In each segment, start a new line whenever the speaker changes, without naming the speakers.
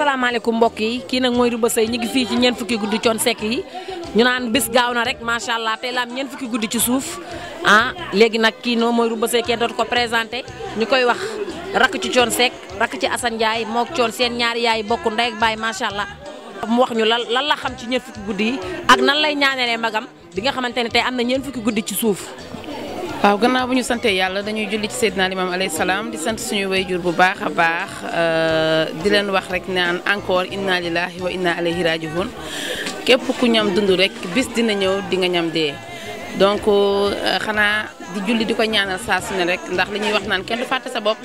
Assalamualaikum boki, mbokk yi kii nag mooy Rouba Seye ñu ngi ci ñen fukki guddu cion ñu naan bis gaaw na rek macha allah tey la am ñeent fukki guddi ci suuf ah léegi nag kii noo mooy Rouba Seye kenn dootu ko présenté ñu koy wax rakk ci coon Seck rakk ci Assane Ndiaye mook coon seen ñaari yaay bokk ndey ak baay macha allah. mu wax ñu lan lan la xam ci ñeent fukki guddi yi ak nan lay ñaanalee magam bi nga xamante ne tey am na ñeent fukki guddi ci suuf. waaw gannaaw bu ñu santee
yàlla dañuy julli ci Seydina Limam alayhi salaam di sant suñu wayjur bu baax a baax euh, di leen wax rek naan encore inna lillahi wa inna ilayhi raji'un yépp ku ñam dund rek bis dina ñëw di nga ñam dee donc euh, xanaa di julli di ko ñaanal saa su ne rek ndax li ñuy wax naan kenn du fàtte sa bopp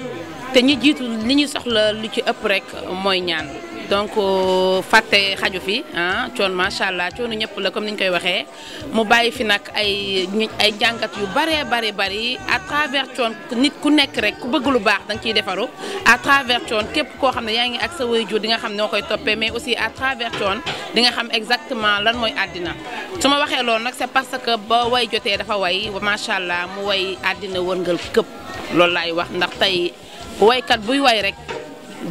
te ñu jiitu li ñuy soxla lu ci ëpp rek mooy ñaan donc euh, fàtte xaju fi ah coon macha allah coonu ñëpp la comme ni ñu koy waxee mu bàyyi fi nag ay ay jàngat yu baree bari bari à travers coon nit ku nekk rek ku bëgg lu baax da ciy defaru à travers coon képp koo xam ne yaa ngi ak sa waajur di nga xam noo koy toppee mais aussi à travers coon di nga xam exactement lan mooy àddina su ma waxee loolu nag c'est parce que ba way jotee dafa way macha allah mu way àddina wërngal këpp loolu ay wax ndax tey waykat buy way rek.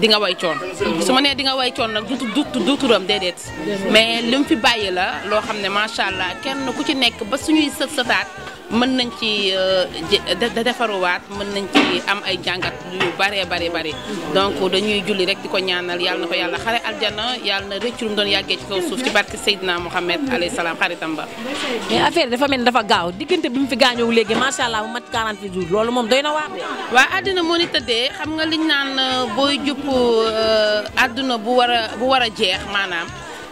di nga way coon su ma nee di nga way coon nag du du du turam déedéet mais li mu fi bàyyi la loo xam ne macha allah kenn ku ci nekk ba suñuy sët sëtaat mën nañ ci euh, da defaruwaat mën nañ ci am ay jàngat yu bare bare bare donc dañuy julli rek di ko ñaanal yàlla na ko yàlla xare aljana yàlla na rëccu lu mu doon yàggee ci kaw suuf ci barke Seydina Mohamed alayhi salaam xaritam ba mais affaire
dafa mel ni dafa gaaw diggante bi mu fi gaañoo léegi macha allah mu mat 40 jours loolu moom doy na waar waa àddina moo ni tëddee xam nga liñ naan euh, booy jupp euh, àdduna bu war a
bu war a jeex maanaam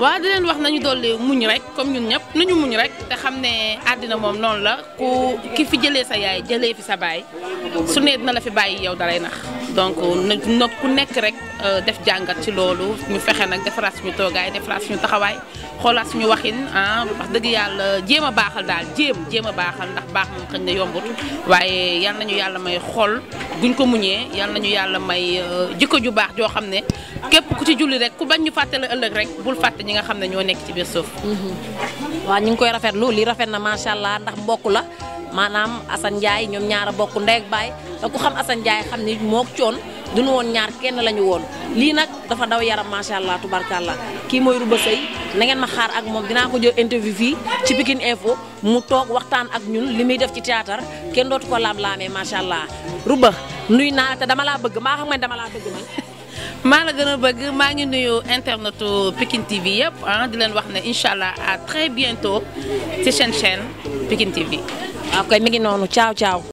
waaw di wax nañu dolli muñ rek comme ñun ñëpp nañu muñ rek te xam ne àddina moom noonu la ku ki fi jëlee sa yaay jëlee fi sa baay su ne na la fi bàyyi yow dalay nax donc nag ku nekk rek euh, def jàngat ci loolu ñu fexe nag defaraat suñu toogaay defaraat suñu taxawaay xoolaat suñu waxin ah dëgg yàlla jéem a baaxal daal jéem jéem a baaxal ndax baax moom xëñ na yombut waaye yal nañu yàlla may xol guñ ko muñee yal nañu yàlla may euh, jikko ju baax joo xam ne képp ku ci julli rek ku bañ ñu fàttale ñi nga xam
ne ñoo nekk ci biir suuf. Mhm. waaw ñu ngi koy rafetlu lii rafet na macha allah ndax mbokk la maanaam Assane Ndiaye ñoom ñaar a bokk ndey ak baay te ku xam Assane xam ni mook coon duñu woon ñaar kenn lañu woon lii nag dafa daw yaram macha allah tubarkalla kii mooy Rouba Seye na ngeen ma xaar ak moom dinaa ko jël interview fii ci Pikine Info mu toog waxtaan ak ñun li muy def ci théâtre kenn dootu ko laab laamee macha allah Rouba nuy naa te dama laa bëgg mbaa xam
maa la gën a bëgg maa ngi nuyu internetu Pikine TV yëpp
ah di leen wax ne incha allah à très bientôt ci seen chaîne Pikine TV. waaw kay mi ngi noonu caaw caaw.